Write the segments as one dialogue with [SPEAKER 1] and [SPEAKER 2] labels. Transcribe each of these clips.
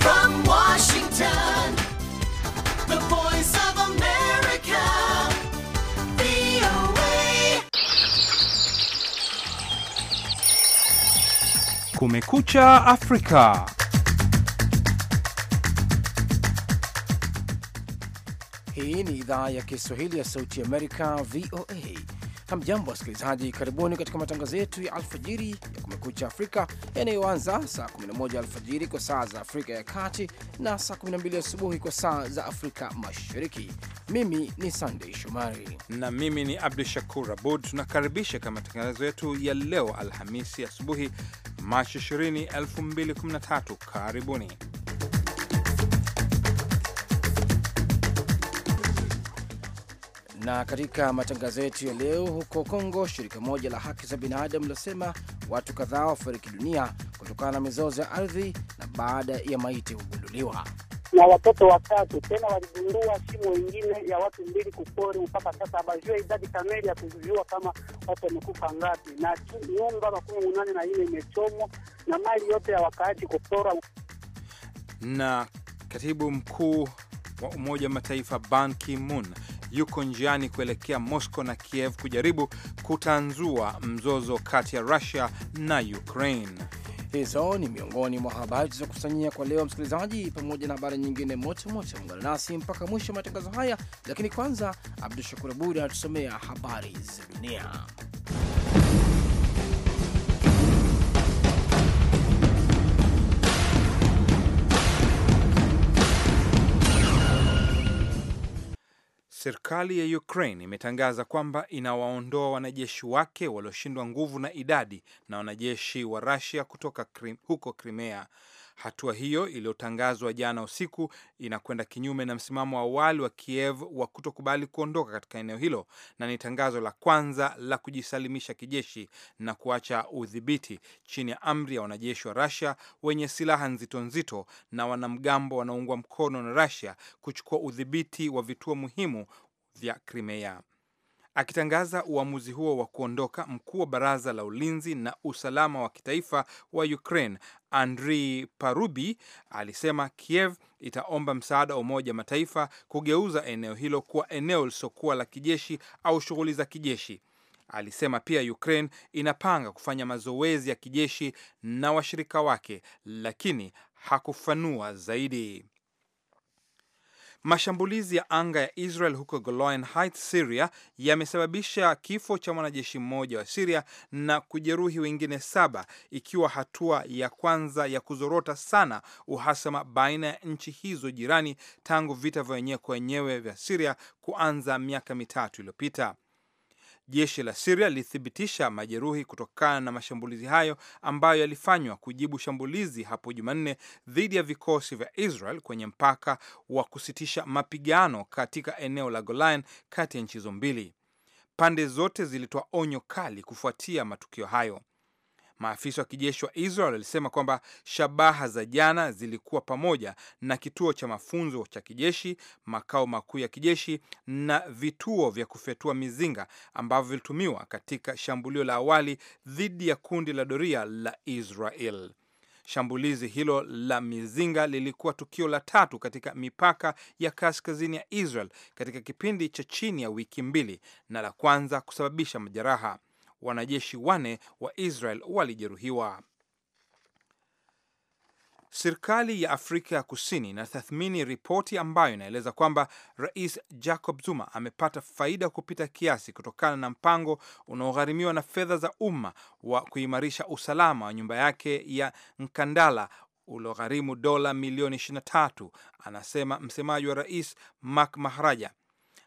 [SPEAKER 1] from Washington, the voice of America,
[SPEAKER 2] VOA.
[SPEAKER 3] Kumekucha Afrika.
[SPEAKER 2] Hii ni idhaa ya Kiswahili ya Sauti Amerika, VOA Hamjambo wasikilizaji, karibuni katika matangazo yetu ya alfajiri ya Kumekucha Afrika yanayoanza saa 11 alfajiri kwa saa za Afrika ya Kati na saa 12 asubuhi kwa saa za Afrika Mashariki. Mimi ni Sandei Shomari
[SPEAKER 3] na mimi ni Abdu Shakur Abud. Tunakaribisha kama matangazo yetu ya leo Alhamisi asubuhi, Machi 20, 2013. Karibuni.
[SPEAKER 2] Na katika matangazo yetu ya leo, huko Kongo, shirika moja la haki za binadamu linasema watu kadhaa wafariki dunia kutokana na mizozo ya ardhi na baada ya maiti kugunduliwa
[SPEAKER 4] na watoto watatu tena waligundua shimo wengine ya watu mbili kupori. Mpaka sasa abajua idadi kamili ya kujua kama watu wamekufa ngapi, na nyumba makumi munane na ine imechomwa na mali yote ya wakaaji kupora.
[SPEAKER 3] Na katibu mkuu wa Umoja wa Mataifa Ban Ki-moon yuko njiani kuelekea Moscow na Kiev kujaribu kutanzua mzozo kati ya Russia
[SPEAKER 2] na Ukraine. Hizo ni miongoni mwa habari tulizokusanyia kwa leo, msikilizaji, pamoja na habari nyingine moto moto. Ungana nasi mpaka mwisho wa matangazo haya, lakini kwanza Abdu Shakur Abud anatusomea habari za dunia.
[SPEAKER 3] Serikali ya Ukraine imetangaza kwamba inawaondoa wanajeshi wake walioshindwa nguvu na idadi na wanajeshi wa Russia kutoka krim, huko Crimea. Hatua hiyo iliyotangazwa jana usiku inakwenda kinyume na msimamo wa awali wa Kiev wa kutokubali kuondoka katika eneo hilo na ni tangazo la kwanza la kujisalimisha kijeshi na kuacha udhibiti chini ya amri ya wanajeshi wa Russia wenye silaha nzito nzito na wanamgambo wanaoungwa mkono na Russia kuchukua udhibiti wa vituo muhimu vya Crimea. Akitangaza uamuzi huo wa kuondoka, mkuu wa baraza la ulinzi na usalama wa kitaifa wa Ukraine Andrii Parubi alisema Kiev itaomba msaada wa Umoja Mataifa kugeuza eneo hilo kuwa eneo lisokuwa la kijeshi au shughuli za kijeshi. Alisema pia Ukraine inapanga kufanya mazoezi ya kijeshi na washirika wake, lakini hakufanua zaidi. Mashambulizi ya anga ya Israel huko Golan Heights, Syria yamesababisha kifo cha mwanajeshi mmoja wa siria na kujeruhi wengine saba, ikiwa hatua ya kwanza ya kuzorota sana uhasama baina ya nchi hizo jirani tangu vita vya wenyewe kwa wenyewe vya siria kuanza miaka mitatu iliyopita. Jeshi la Siria lilithibitisha majeruhi kutokana na mashambulizi hayo ambayo yalifanywa kujibu shambulizi hapo Jumanne dhidi ya vikosi vya Israel kwenye mpaka wa kusitisha mapigano katika eneo la Golan kati ya nchi hizo mbili. Pande zote zilitoa onyo kali kufuatia matukio hayo. Maafisa wa kijeshi wa Israel walisema kwamba shabaha za jana zilikuwa pamoja na kituo cha mafunzo cha kijeshi, makao makuu ya kijeshi na vituo vya kufyatua mizinga ambavyo vilitumiwa katika shambulio la awali dhidi ya kundi la doria la Israel. Shambulizi hilo la mizinga lilikuwa tukio la tatu katika mipaka ya kaskazini ya Israel katika kipindi cha chini ya wiki mbili na la kwanza kusababisha majeraha wanajeshi wane wa Israel walijeruhiwa. Serikali ya Afrika ya Kusini inatathmini ripoti ambayo inaeleza kwamba Rais Jacob Zuma amepata faida kupita kiasi kutokana na mpango unaogharimiwa na fedha za umma wa kuimarisha usalama wa nyumba yake ya Nkandala uliogharimu dola milioni 23, anasema msemaji wa rais Mak Mahraja.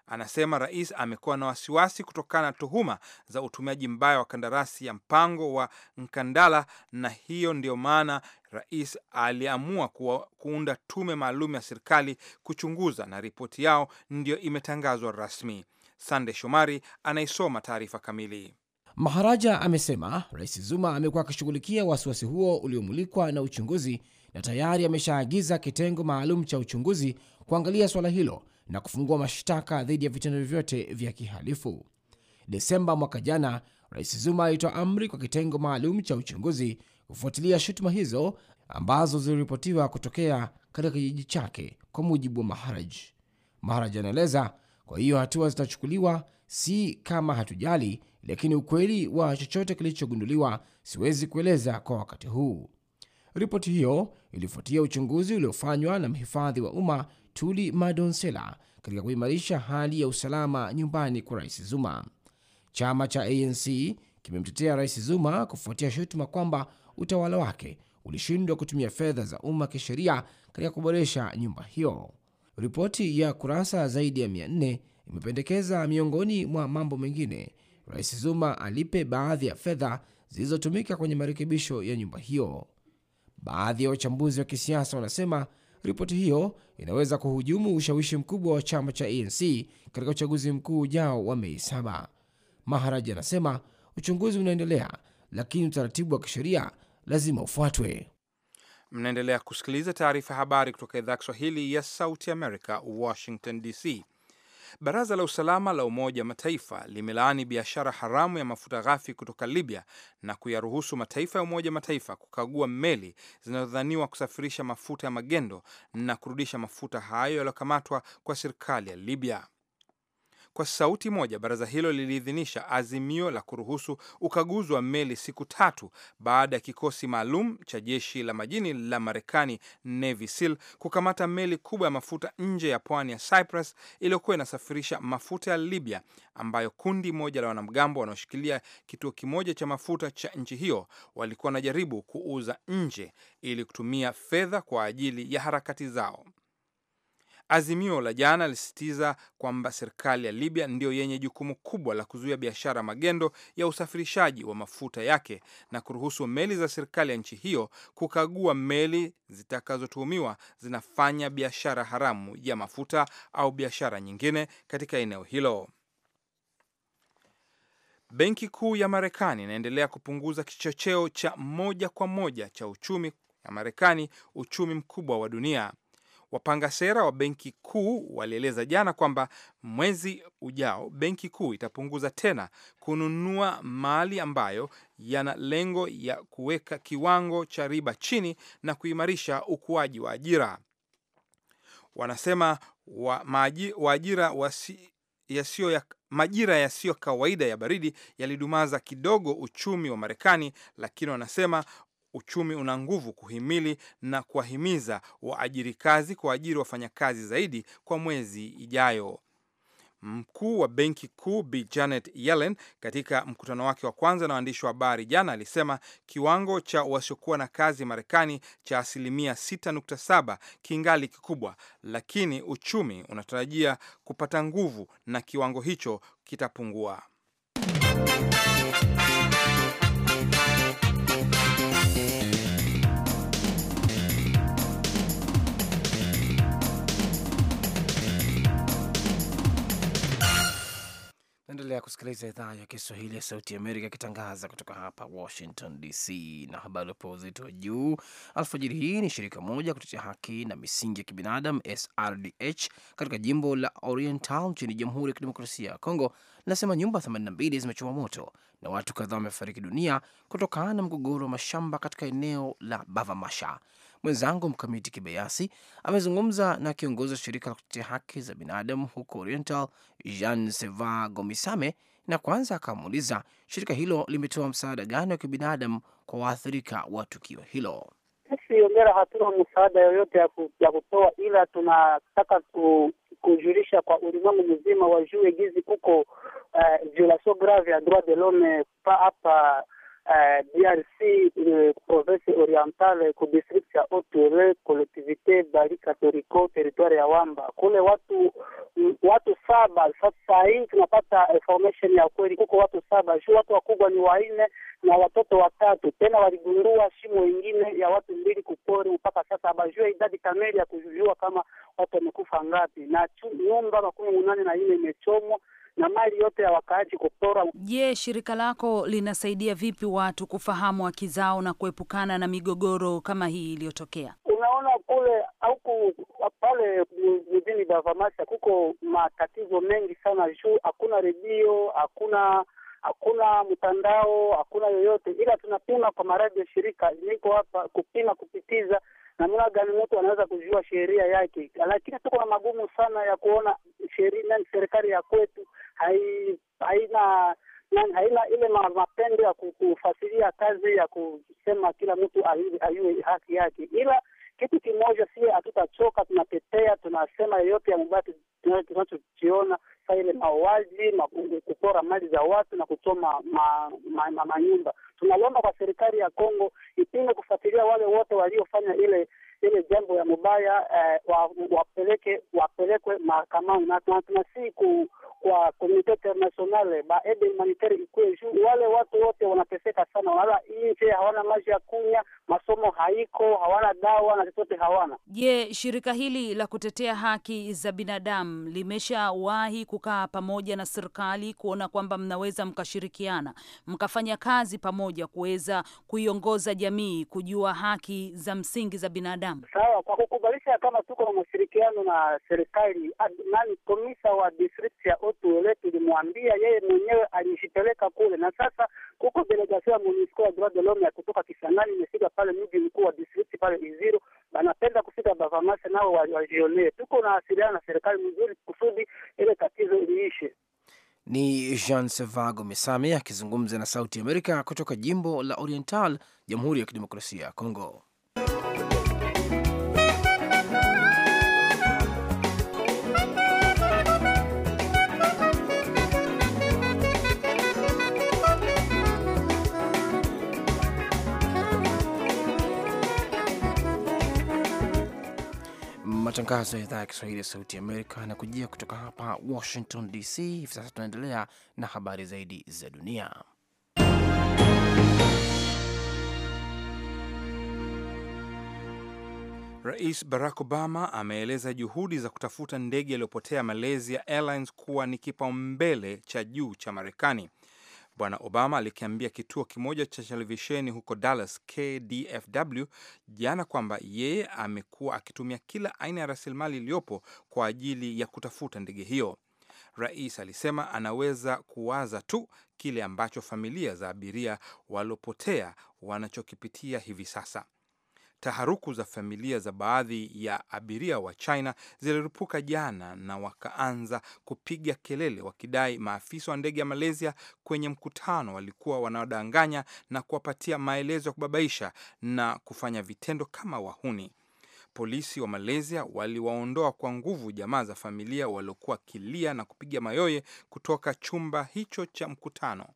[SPEAKER 3] Anasema rais amekuwa na wasiwasi kutokana na tuhuma za utumiaji mbaya wa kandarasi ya mpango wa Nkandala, na hiyo ndiyo maana rais aliamua kuunda tume maalum ya serikali kuchunguza, na ripoti yao ndiyo imetangazwa rasmi. Sande Shomari anaisoma taarifa kamili.
[SPEAKER 2] Maharaja amesema Rais Zuma amekuwa akishughulikia wasiwasi huo uliomulikwa na uchunguzi na tayari ameshaagiza kitengo maalum cha uchunguzi kuangalia swala hilo na kufungua mashtaka dhidi ya vitendo vyote vya kihalifu. Desemba mwaka jana, Rais Zuma alitoa amri kwa kitengo maalum cha uchunguzi kufuatilia shutuma hizo ambazo ziliripotiwa kutokea katika kijiji chake, kwa mujibu wa Maharaj. Maharaj anaeleza, kwa hiyo hatua zitachukuliwa, si kama hatujali, lakini ukweli wa chochote kilichogunduliwa siwezi kueleza kwa wakati huu. Ripoti hiyo ilifuatia uchunguzi uliofanywa na mhifadhi wa umma Tuli Madonsela katika kuimarisha hali ya usalama nyumbani kwa Rais Zuma. Chama cha ANC kimemtetea Rais Zuma kufuatia shutuma kwamba utawala wake ulishindwa kutumia fedha za umma kisheria katika kuboresha nyumba hiyo. Ripoti ya kurasa zaidi ya 400 imependekeza miongoni mwa mambo mengine, Rais Zuma alipe baadhi ya fedha zilizotumika kwenye marekebisho ya nyumba hiyo. Baadhi ya wachambuzi wa kisiasa wanasema ripoti hiyo inaweza kuhujumu ushawishi mkubwa wa chama cha ANC katika uchaguzi mkuu ujao wa Mei 7 Maharaj anasema uchunguzi unaendelea, lakini utaratibu wa kisheria lazima ufuatwe.
[SPEAKER 3] Mnaendelea kusikiliza taarifa habari kutoka idhaa ya Kiswahili ya Sauti Amerika, Washington DC. Baraza la Usalama la Umoja Mataifa limelaani biashara haramu ya mafuta ghafi kutoka Libya na kuyaruhusu mataifa ya Umoja Mataifa kukagua meli zinazodhaniwa kusafirisha mafuta ya magendo na kurudisha mafuta hayo yaliyokamatwa kwa serikali ya Libya. Kwa sauti moja, baraza hilo liliidhinisha azimio la kuruhusu ukaguzi wa meli siku tatu baada ya kikosi maalum cha jeshi la majini la Marekani Navy SEAL kukamata meli kubwa ya mafuta nje ya pwani ya Cyprus iliyokuwa inasafirisha mafuta ya Libya, ambayo kundi moja la wanamgambo wanaoshikilia kituo kimoja cha mafuta cha nchi hiyo walikuwa wanajaribu kuuza nje ili kutumia fedha kwa ajili ya harakati zao. Azimio la jana lisisitiza kwamba serikali ya Libya ndiyo yenye jukumu kubwa la kuzuia biashara magendo ya usafirishaji wa mafuta yake na kuruhusu meli za serikali ya nchi hiyo kukagua meli zitakazotuhumiwa zinafanya biashara haramu ya mafuta au biashara nyingine katika eneo hilo. Benki Kuu ya Marekani inaendelea kupunguza kichocheo cha moja kwa moja cha uchumi ya Marekani, uchumi mkubwa wa dunia. Wapanga sera wa benki kuu walieleza jana kwamba mwezi ujao benki kuu itapunguza tena kununua mali ambayo yana lengo ya kuweka kiwango cha riba chini na kuimarisha ukuaji wa ajira. Wanasema wa, maji, waajira wasi, yasiyo ya majira yasiyo kawaida ya baridi yalidumaza kidogo uchumi wa Marekani, lakini wanasema uchumi una nguvu kuhimili na kuwahimiza waajiri kazi kuajiri wafanyakazi zaidi kwa mwezi ijayo. Mkuu wa benki kuu Bi Janet Yellen katika mkutano wake wa kwanza na waandishi wa habari jana alisema kiwango cha wasiokuwa na kazi Marekani cha asilimia 6.7 kingali kikubwa, lakini uchumi unatarajia kupata nguvu na kiwango hicho kitapungua.
[SPEAKER 2] Naendelea kusikiliza idhaa ya Kiswahili ya Sauti Amerika ikitangaza kutoka hapa Washington DC. Na habari wapewa uzito wa juu alfajiri hii ni shirika moja kutetea haki na misingi ya kibinadamu SRDH katika jimbo la Oriental nchini Jamhuri ya Kidemokrasia ya Kongo linasema nyumba 82 zimechoma moto na watu kadhaa wamefariki dunia kutokana na mgogoro wa mashamba katika eneo la Bavamasha. Mwenzangu Mkamiti Kibayasi amezungumza na kiongozi wa shirika la kutetea haki za binadamu huko Oriental, Jean Seva Gomisame, na kwanza akamuuliza shirika hilo limetoa msaada gani wa kibinadamu kwa waathirika wa tukio hilo.
[SPEAKER 4] Sisi Ongera hatuna msaada yoyote ya, ku, ya kutoa, ila tunataka ku, kujulisha kwa ulimwengu mzima wajue gizi kuko uh, eh, violation grave ya droit de l'homme pa hapa DRC uh, euh, province orientale ku district ya Otuele collectivité Bari Katoriko territoire ya Wamba kule watu mm, watu saba. Sasa hii tunapata information ya kweli, kuko watu saba juu watu wakubwa ni wanne na watoto watatu. Tena waligundua shimo ingine ya watu mbili kupori, mpaka sasa abajue idadi kamili ya kujua kama watu wamekufa ngapi, na nyumba makumi munane na nne imechomwa na mali yote ya wakaaji kupora.
[SPEAKER 5] Je, shirika lako linasaidia vipi watu kufahamu haki zao na kuepukana na migogoro kama hii iliyotokea?
[SPEAKER 4] Unaona kule auku pale mjini Bavamasha kuko matatizo mengi sana juu hakuna redio, hakuna hakuna mtandao, hakuna yoyote, ila tunapima kwa maradhi ya shirika niko hapa kupima kupitiza namna gani mtu anaweza kujua sheria yake, lakini tuko na magumu sana ya kuona sheria na serikali ya kwetu hai, haina na haina ile mapendo ya kufasiria kazi ya kusema kila mtu ayue haki yake, ila kitu kimoja, si hatutachoka, tunatetea, tunasema yeyote ya mubaya tunachokiona, sa ile mauaji, kupora mali za watu na kuchoma ma, ma, ma, manyumba. Tunalomba kwa serikali ya Kongo ipinge kufuatilia wale wote waliofanya ile ile jambo ya mubaya eh, wapeleke wapelekwe mahakamani na tunasii ku kwa komunite internationale, baede humanitari ikuwe juu, wale watu wote wanateseka wanalala nje, hawana maji ya kunywa, masomo haiko, hawana dawa na chochote hawana.
[SPEAKER 5] Je, shirika hili la kutetea haki za binadamu limeshawahi kukaa pamoja na serikali kuona kwamba mnaweza mkashirikiana mkafanya kazi pamoja kuweza kuiongoza jamii kujua haki za msingi za binadamu?
[SPEAKER 4] Sawa, kwa kukubalisha kama tuko na mashirikiano na serikali, nani komisa wa district ya Otuele tulimwambia yeye mwenyewe alijipeleka kule, na sasa kuko delegasia MONUSCO ya Droit de l'Homme ya kutoka Kisangani imefika pale mji mkuu wa district pale Iziro, banapenda kufika Bavamase nao wajionee. Tuko na asiliana na serikali mzuri kusudi ile tatizo iliishe.
[SPEAKER 2] Ni Jean Sevago Misame akizungumza na Sauti Amerika kutoka jimbo la Oriental, Jamhuri ya Kidemokrasia ya Kongo. Matangazo ya idhaa ya Kiswahili ya Sauti Amerika na kujia kutoka hapa Washington DC. Hivi sasa tunaendelea na habari zaidi za dunia.
[SPEAKER 3] Rais Barack Obama ameeleza juhudi za kutafuta ndege iliyopotea Malaysia Airlines kuwa ni kipaumbele cha juu cha Marekani. Bwana Obama alikiambia kituo kimoja cha televisheni huko Dallas, KDFW, jana kwamba yeye amekuwa akitumia kila aina ya rasilimali iliyopo kwa ajili ya kutafuta ndege hiyo. Rais alisema anaweza kuwaza tu kile ambacho familia za abiria waliopotea wanachokipitia hivi sasa taharuku za familia za baadhi ya abiria wa China ziliripuka jana na wakaanza kupiga kelele wakidai maafisa wa ndege ya Malaysia kwenye mkutano walikuwa wanaodanganya na kuwapatia maelezo ya kubabaisha na kufanya vitendo kama wahuni. Polisi wa Malaysia waliwaondoa kwa nguvu jamaa za familia waliokuwa kilia na kupiga mayoye kutoka chumba hicho cha mkutano.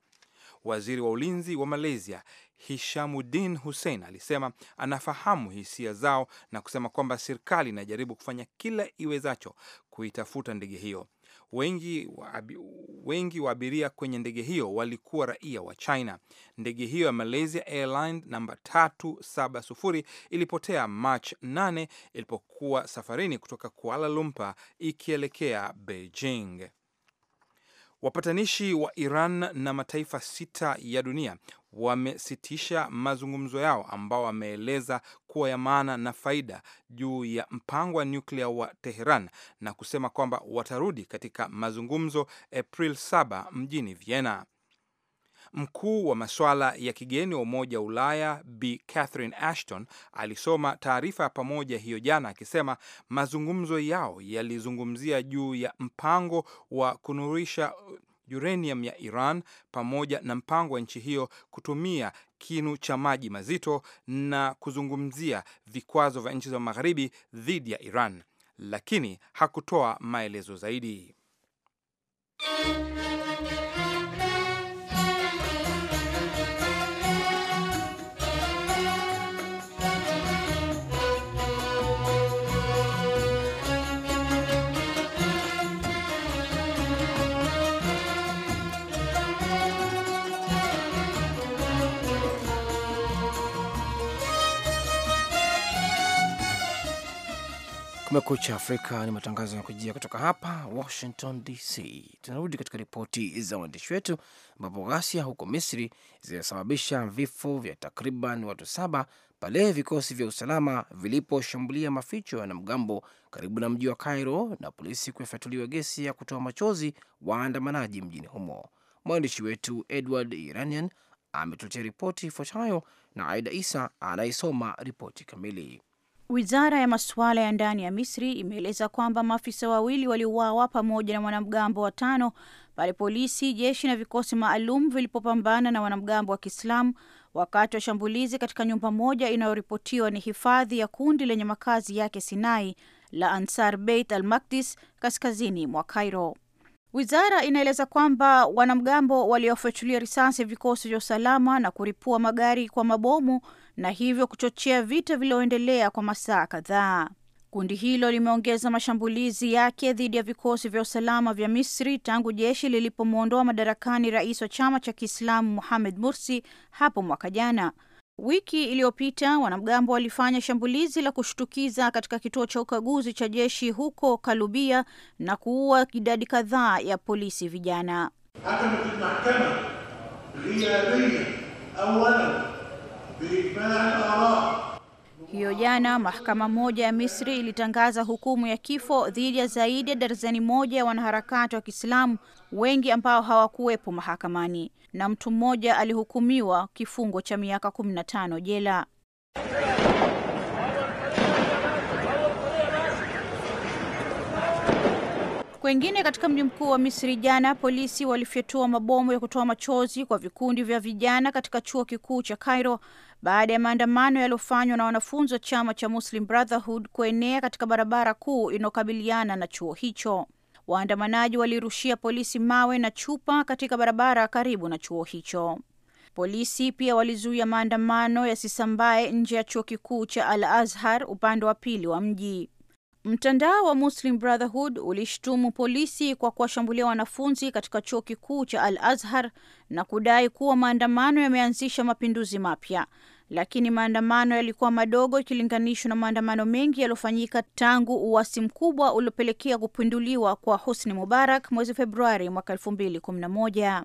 [SPEAKER 3] Waziri wa ulinzi wa Malaysia Hishamuddin Hussein alisema anafahamu hisia zao na kusema kwamba serikali inajaribu kufanya kila iwezacho kuitafuta ndege hiyo. Wengi wa, wengi wa abiria kwenye ndege hiyo walikuwa raia wa China. Ndege hiyo ya Malaysia Airlines namba 370 ilipotea March 8 ilipokuwa safarini kutoka Kuala Lumpur ikielekea Beijing. Wapatanishi wa Iran na mataifa sita ya dunia wamesitisha mazungumzo yao ambao wameeleza kuwa ya maana na faida juu ya mpango wa nyuklia wa Teheran na kusema kwamba watarudi katika mazungumzo April 7 mjini Vienna. Mkuu wa masuala ya kigeni wa Umoja wa Ulaya Bi Catherine Ashton alisoma taarifa ya pamoja hiyo jana, akisema mazungumzo yao yalizungumzia juu ya mpango wa kunurisha uranium ya Iran pamoja na mpango wa nchi hiyo kutumia kinu cha maji mazito na kuzungumzia vikwazo vya nchi za magharibi dhidi ya Iran, lakini hakutoa maelezo zaidi.
[SPEAKER 2] Kumekucha Afrika ni matangazo yanakujia kutoka hapa Washington DC. Tunarudi katika ripoti za waandishi wetu, ambapo ghasia huko Misri zinasababisha vifo vya takriban watu saba pale vikosi vya usalama viliposhambulia maficho ya wanamgambo karibu na mji wa Cairo na polisi kuyafyatuliwa gesi ya kutoa machozi waandamanaji mjini humo. Mwandishi wetu Edward Iranian ametuletea ripoti ifuatayo na Aida Isa anayesoma ripoti kamili.
[SPEAKER 5] Wizara ya masuala ya ndani ya Misri imeeleza kwamba maafisa wawili waliuawa pamoja na wanamgambo watano pale polisi, jeshi na vikosi maalum vilipopambana na wanamgambo wa Kiislamu wakati wa shambulizi katika nyumba moja inayoripotiwa ni hifadhi ya kundi lenye makazi yake Sinai la Ansar Beit al Makdis kaskazini mwa Cairo. Wizara inaeleza kwamba wanamgambo waliofuatilia risasi vikosi vya usalama na kuripua magari kwa mabomu na hivyo kuchochea vita vilivyoendelea kwa masaa kadhaa. Kundi hilo limeongeza mashambulizi yake dhidi ya vikosi vya usalama vya Misri tangu jeshi lilipomwondoa madarakani rais wa chama cha Kiislamu Mohamed Mursi hapo mwaka jana. Wiki iliyopita wanamgambo walifanya shambulizi la kushtukiza katika kituo cha ukaguzi cha jeshi huko Kalubia na kuua idadi kadhaa ya polisi vijana. Hiyo jana mahakama moja ya Misri ilitangaza hukumu ya kifo dhidi ya zaidi ya darzeni moja ya wanaharakati wa Kiislamu, wengi ambao hawakuwepo mahakamani, na mtu mmoja alihukumiwa kifungo cha miaka 15 jela. Kwengine katika mji mkuu wa Misri jana, polisi walifyatua mabomu ya kutoa machozi kwa vikundi vya vijana katika chuo kikuu cha Cairo baada ya maandamano yaliyofanywa na wanafunzi wa chama cha Muslim Brotherhood kuenea katika barabara kuu inayokabiliana na chuo hicho. Waandamanaji walirushia polisi mawe na chupa katika barabara karibu na chuo hicho. Polisi pia walizuia maandamano yasisambae nje ya chuo kikuu cha Al Azhar upande wa pili wa mji. Mtandao wa Muslim Brotherhood ulishtumu polisi kwa kuwashambulia wanafunzi katika chuo kikuu cha Al Azhar na kudai kuwa maandamano yameanzisha mapinduzi mapya lakini maandamano yalikuwa madogo ikilinganishwa na maandamano mengi yaliyofanyika tangu uwasi mkubwa uliopelekea kupinduliwa kwa Husni Mubarak mwezi Februari mwaka elfu mbili kumi na moja.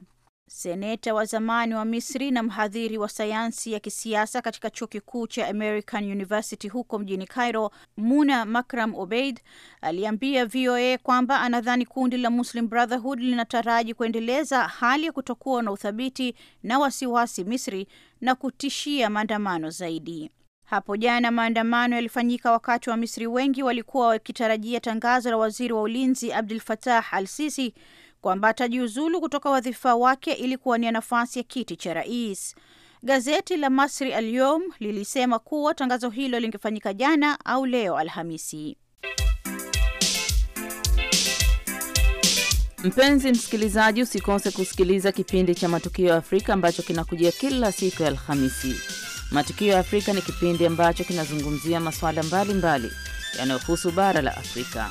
[SPEAKER 5] Seneta wa zamani wa Misri na mhadhiri wa sayansi ya kisiasa katika chuo kikuu cha American University huko mjini Cairo, Muna Makram Obeid aliambia VOA kwamba anadhani kundi la Muslim Brotherhood linataraji kuendeleza hali ya kutokuwa na uthabiti na wasiwasi Misri na kutishia maandamano zaidi. Hapo jana maandamano yalifanyika wakati wa Misri wengi walikuwa wakitarajia tangazo la waziri wa ulinzi Abdul fatah al-Sisi kwamba atajiuzulu kutoka wadhifa wake ili kuwania nafasi ya kiti cha rais. Gazeti la Masri Alyom lilisema kuwa tangazo hilo lingefanyika jana au leo Alhamisi. Mpenzi msikilizaji, usikose kusikiliza kipindi cha Matukio ya Afrika ambacho kinakujia kila siku ya Alhamisi. Matukio ya Afrika ni kipindi ambacho kinazungumzia masuala mbalimbali yanayohusu bara la Afrika.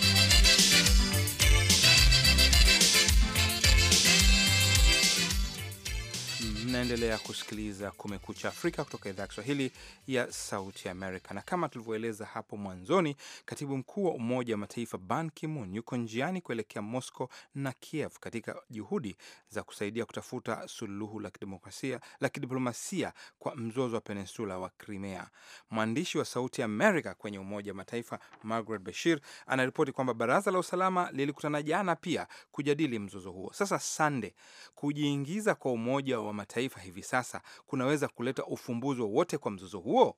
[SPEAKER 3] Unaendelea kusikiliza Kumekucha Afrika kutoka idhaa ya Kiswahili ya Sauti Amerika, na kama tulivyoeleza hapo mwanzoni, katibu mkuu wa Umoja wa Mataifa Ban Ki-moon yuko njiani kuelekea Moscow na Kiev katika juhudi za kusaidia kutafuta suluhu la kidemokrasia, la kidiplomasia kwa mzozo wa peninsula wa Crimea. Mwandishi wa Sauti Amerika kwenye Umoja wa Mataifa Margaret Bashir anaripoti kwamba Baraza la Usalama lilikutana jana pia kujadili mzozo huo. Sasa sande kujiingiza kwa Umoja wa Mataifa hivi sasa kunaweza kuleta ufumbuzi wowote kwa mzozo
[SPEAKER 2] huo?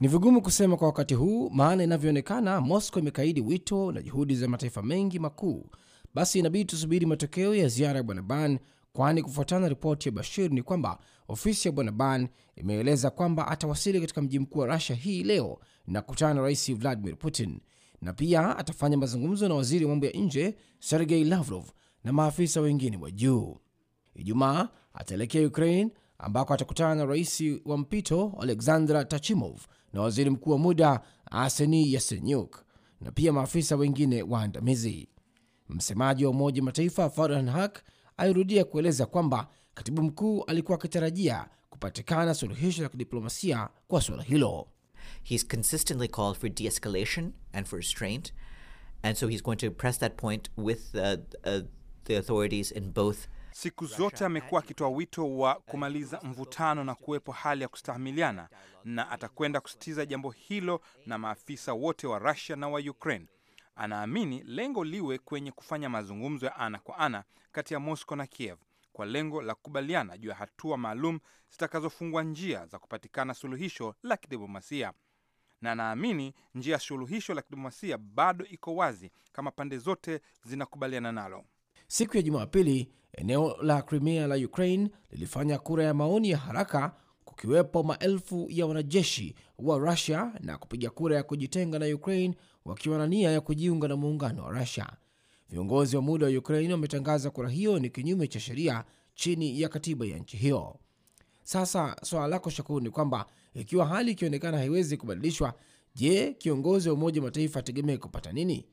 [SPEAKER 2] Ni vigumu kusema kwa wakati huu, maana inavyoonekana Moscow imekaidi wito na juhudi za mataifa mengi makuu. Basi inabidi tusubiri matokeo ya ziara ya bwana Ban, kwani kufuatana na ripoti ya Bashir ni kwamba ofisi ya bwana Ban imeeleza kwamba atawasili katika mji mkuu wa Rusia hii leo na kukutana na rais Vladimir Putin, na pia atafanya mazungumzo na waziri wa mambo ya nje Sergei Lavrov na maafisa wengine wa juu. Ijumaa ataelekea Ukraine ambako atakutana na rais wa mpito Alexandra Tachimov na waziri mkuu wa muda aseni yasenyuk na pia maafisa wengine waandamizi. Msemaji wa Umoja Mataifa Farhan Haq alirudia kueleza kwamba katibu mkuu alikuwa akitarajia kupatikana suluhisho la kidiplomasia kwa suala hilo. So
[SPEAKER 3] Siku zote amekuwa akitoa wito wa kumaliza mvutano na kuwepo hali ya kustahamiliana, na atakwenda kusitiza jambo hilo na maafisa wote wa rasia na wa Ukraine. Anaamini lengo liwe kwenye kufanya mazungumzo ya ana kwa ana kati ya Moscow na Kiev kwa lengo la kukubaliana juu ya hatua maalum zitakazofungwa njia za kupatikana suluhisho la kidiplomasia na naamini njia ya suluhisho la kidiplomasia bado iko wazi kama pande zote zinakubaliana nalo
[SPEAKER 2] siku ya Jumapili, eneo la Crimea la Ukraine lilifanya kura ya maoni ya haraka, kukiwepo maelfu ya wanajeshi wa Rusia na kupiga kura ya kujitenga na Ukraine wakiwa na nia ya kujiunga na muungano wa Rusia. Viongozi wa muda wa Ukraine wametangaza kura hiyo ni kinyume cha sheria chini ya katiba ya nchi hiyo. Sasa swala lako Shakuru ni kwamba ikiwa hali ikionekana haiwezi kubadilishwa, je, kiongozi wa Umoja wa Mataifa ategemee kupata nini?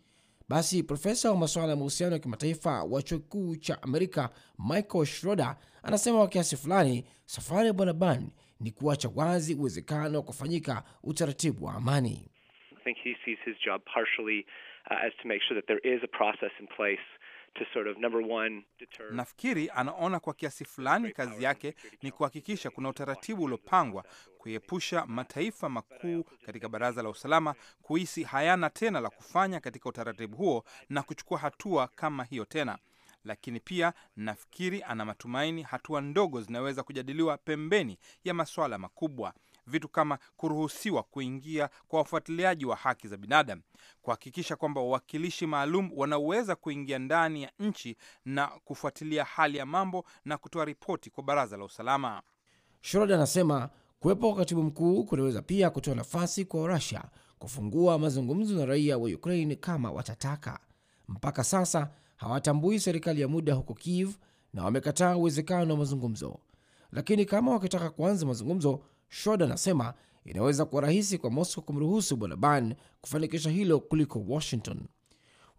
[SPEAKER 2] Basi profesa wa masuala ya mahusiano ya kimataifa wa chuo kikuu cha Amerika Michael schroder anasema kwa kiasi fulani safari ya bwana Ban ni kuacha wazi uwezekano wa kufanyika utaratibu wa amani.
[SPEAKER 4] I think he sees his job partially, uh, as to make sure that there is a process in place
[SPEAKER 3] Nafikiri anaona kwa kiasi fulani kazi yake ni kuhakikisha kuna utaratibu uliopangwa kuepusha mataifa makuu katika Baraza la Usalama kuhisi hayana tena la kufanya katika utaratibu huo na kuchukua hatua kama hiyo tena. Lakini pia nafikiri ana matumaini hatua ndogo zinaweza kujadiliwa pembeni ya masuala makubwa vitu kama kuruhusiwa kuingia kwa wafuatiliaji wa haki za binadamu, kuhakikisha kwamba wawakilishi maalum wanaweza kuingia ndani ya nchi na kufuatilia hali ya mambo na kutoa ripoti kwa baraza la usalama.
[SPEAKER 2] Shroda anasema kuwepo kwa katibu mkuu kunaweza pia kutoa nafasi kwa Rusia kufungua mazungumzo na raia wa Ukraine kama watataka. Mpaka sasa hawatambui serikali ya muda huko Kiev na wamekataa uwezekano wa mazungumzo, lakini kama wakitaka kuanza mazungumzo shod anasema inaweza kuwa rahisi kwa Moscow kumruhusu Bwana Ban kufanikisha hilo kuliko Washington.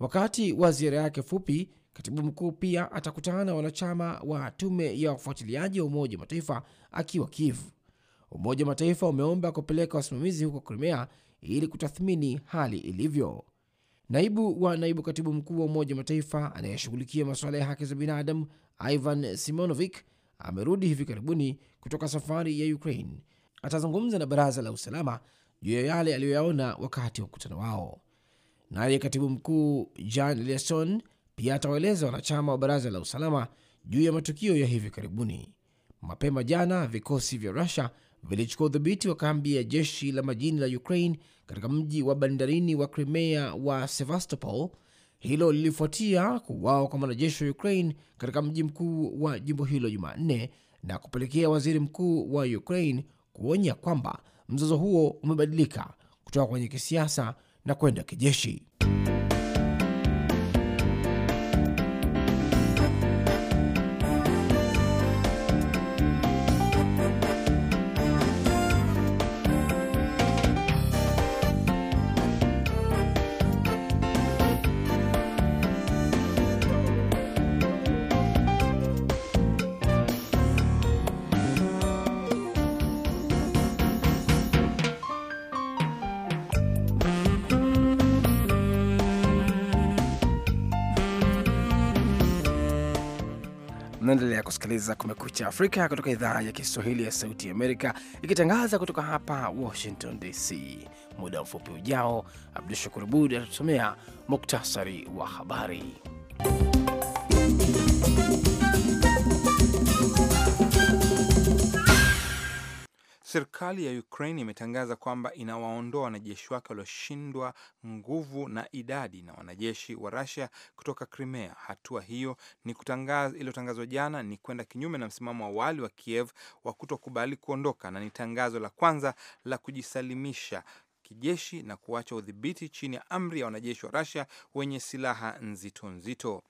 [SPEAKER 2] Wakati wa ziara yake fupi, katibu mkuu pia atakutana na wanachama wa tume ya wafuatiliaji wa Umoja Mataifa akiwa Kiev. Umoja wa Mataifa umeomba kupeleka wasimamizi huko Crimea ili kutathmini hali ilivyo. Naibu wa naibu katibu mkuu wa Umoja Mataifa anayeshughulikia masuala ya haki za binadamu Ivan Simonovic amerudi hivi karibuni kutoka safari ya Ukraine atazungumza na baraza la usalama juu ya yale aliyoyaona wakati wa mkutano wao. Naye katibu mkuu Jan Leson pia atawaeleza wanachama wa baraza la usalama juu ya matukio ya hivi karibuni. Mapema jana, vikosi vya Rusia vilichukua udhibiti wa kambi ya jeshi la majini la Ukraine katika mji wa bandarini wa Crimea wa Sevastopol. Hilo lilifuatia kuuawa kwa mwanajeshi wa Ukraine katika mji mkuu wa jimbo hilo Jumanne na kupelekea waziri mkuu wa Ukraine kuonya kwamba mzozo huo umebadilika kutoka kwenye kisiasa na kwenda kijeshi. Mnaendelea kusikiliza Kumekucha Afrika kutoka idhaa ya Kiswahili ya Sauti Amerika, ikitangaza kutoka hapa Washington DC. Muda mfupi ujao, Abdu Shakur Abud atatusomea muktasari wa habari.
[SPEAKER 3] Serikali ya Ukraine imetangaza kwamba inawaondoa wanajeshi wake walioshindwa nguvu na idadi na wanajeshi wa Russia kutoka Crimea. Hatua hiyo iliyotangazwa jana ni kwenda kinyume na msimamo wa awali wa Kiev wa kutokubali kuondoka na ni tangazo la kwanza la kujisalimisha kijeshi na kuacha udhibiti chini ya amri ya wanajeshi wa Russia wenye silaha nzito nzito.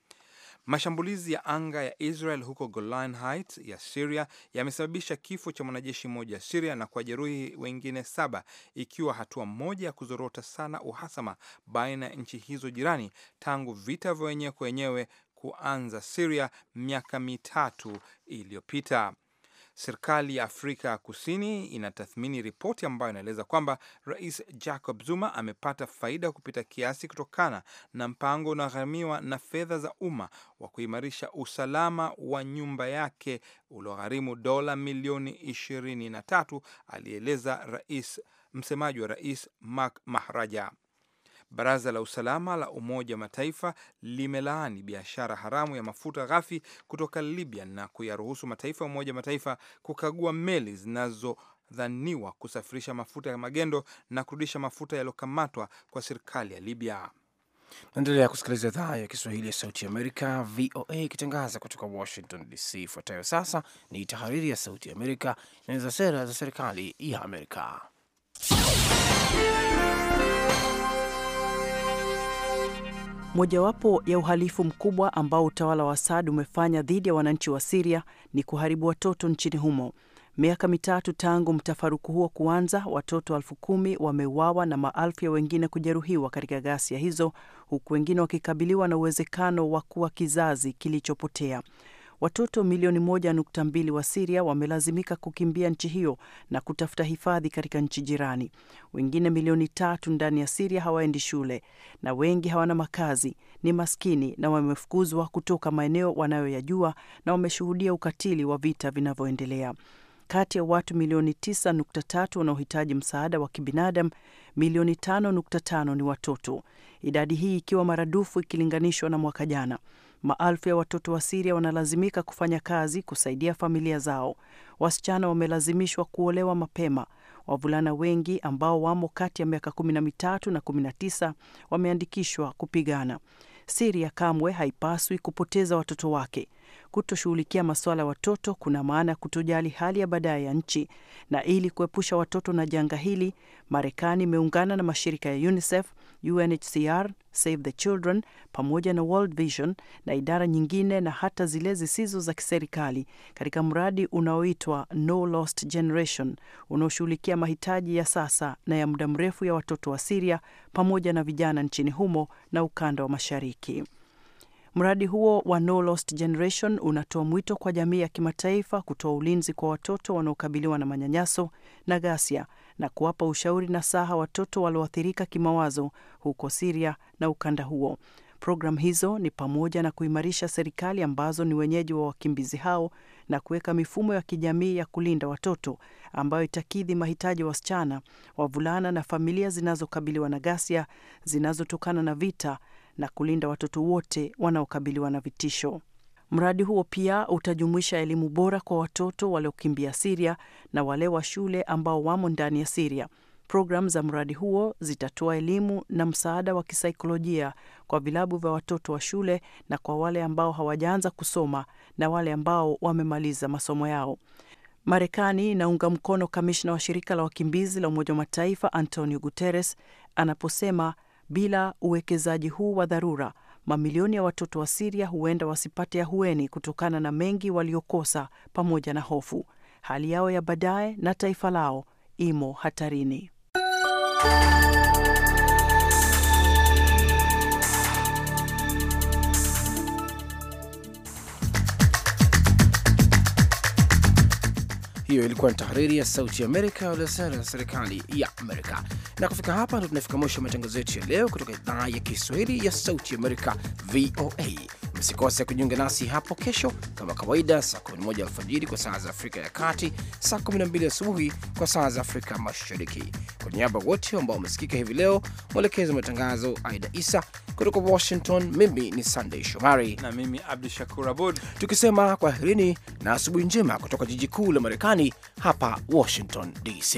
[SPEAKER 3] Mashambulizi ya anga ya Israel huko Golan Heights ya siria yamesababisha kifo cha mwanajeshi mmoja wa siria na kuwajeruhi wengine saba, ikiwa hatua moja ya kuzorota sana uhasama baina ya nchi hizo jirani tangu vita vya wenyewe kwa wenyewe kuanza siria miaka mitatu iliyopita. Serikali ya Afrika Kusini inatathmini ripoti ambayo inaeleza kwamba Rais Jacob Zuma amepata faida kupita kiasi kutokana na mpango unaogharimiwa na fedha za umma wa kuimarisha usalama wa nyumba yake uliogharimu dola milioni 23, alieleza rais msemaji wa rais Mark Mahraja. Baraza la usalama la Umoja wa Mataifa limelaani biashara haramu ya mafuta ghafi kutoka Libya na kuyaruhusu mataifa ya Umoja wa Mataifa kukagua meli zinazodhaniwa kusafirisha mafuta ya magendo na kurudisha mafuta yaliyokamatwa kwa serikali ya Libya.
[SPEAKER 2] Naendelea kusikiliza idhaa ya Kiswahili ya Sauti Amerika, VOA, ikitangaza kutoka Washington DC. Ifuatayo sasa ni tahariri ya Sauti Amerika inaweza sera za serikali ya Amerika.
[SPEAKER 1] Mojawapo ya uhalifu mkubwa ambao utawala wa Asad umefanya dhidi ya wananchi wa Siria ni kuharibu watoto nchini humo. Miaka mitatu tangu mtafaruku huo kuanza, watoto elfu kumi wameuawa na maelfu ya wengine kujeruhiwa katika ghasia hizo, huku wengine wakikabiliwa na uwezekano wa kuwa kizazi kilichopotea. Watoto milioni moja nukta mbili wa Siria wamelazimika kukimbia nchi hiyo na kutafuta hifadhi katika nchi jirani. Wengine milioni tatu ndani ya Siria hawaendi shule na wengi hawana makazi, ni maskini na wamefukuzwa kutoka maeneo wanayoyajua na wameshuhudia ukatili wa vita vinavyoendelea. Kati ya watu milioni 9.3 wanaohitaji msaada wa kibinadamu, milioni 5.5 ni watoto, idadi hii ikiwa maradufu ikilinganishwa na mwaka jana. Maelfu ya watoto wa Siria wanalazimika kufanya kazi kusaidia familia zao. Wasichana wamelazimishwa kuolewa mapema. Wavulana wengi ambao wamo kati ya miaka kumi na mitatu na na kumi tisa wameandikishwa kupigana. Siria kamwe haipaswi kupoteza watoto wake. Kutoshughulikia masuala ya watoto kuna maana ya kutojali hali ya baadaye ya nchi. Na ili kuepusha watoto na janga hili, Marekani imeungana na mashirika ya UNICEF UNHCR, Save the Children pamoja na World Vision na idara nyingine na hata zile zisizo za kiserikali katika mradi unaoitwa No Lost Generation unaoshughulikia mahitaji ya sasa na ya muda mrefu ya watoto wa siria pamoja na vijana nchini humo na ukanda wa Mashariki. Mradi huo wa No Lost Generation unatoa mwito kwa jamii ya kimataifa kutoa ulinzi kwa watoto wanaokabiliwa na manyanyaso na ghasia na kuwapa ushauri na saha watoto walioathirika kimawazo huko Siria na ukanda huo. Programu hizo ni pamoja na kuimarisha serikali ambazo ni wenyeji wa wakimbizi hao na kuweka mifumo ya kijamii ya kulinda watoto ambayo itakidhi mahitaji ya wasichana, wavulana na familia zinazokabiliwa na ghasia zinazotokana na vita na kulinda watoto wote wanaokabiliwa na vitisho. Mradi huo pia utajumuisha elimu bora kwa watoto waliokimbia Siria na wale wa shule ambao wamo ndani ya Siria. Programu za mradi huo zitatoa elimu na msaada wa kisaikolojia kwa vilabu vya watoto wa shule na kwa wale ambao hawajaanza kusoma na wale ambao wamemaliza masomo yao. Marekani inaunga mkono kamishna wa shirika la wakimbizi la Umoja wa Mataifa Antonio Guterres anaposema bila uwekezaji huu wa dharura mamilioni ya watoto wa Siria huenda wasipate ahueni kutokana na mengi waliokosa pamoja na hofu. Hali yao ya baadaye na taifa lao imo hatarini.
[SPEAKER 2] Hiyo ilikuwa ni tahariri ya Sauti amerika Amerika uliosera serikali ya Amerika. Na kufika hapa ndo tunafika mwisho wa matangazo yetu ya leo kutoka idhaa ya Kiswahili ya Sauti Amerika, VOA. Msikose kujiunga nasi hapo kesho kama kawaida, saa 11 alfajiri kwa saa za Afrika ya Kati, saa 12 asubuhi kwa saa za Afrika Mashariki. Kwa niaba wote ambao wamesikika hivi leo, mwelekezi wa matangazo Aida Isa kutoka Washington, mimi ni Sandey Shomari na mimi Abdu Shakur Abud, tukisema kwaherini na asubuhi njema kutoka jiji kuu la Marekani, hapa Washington DC.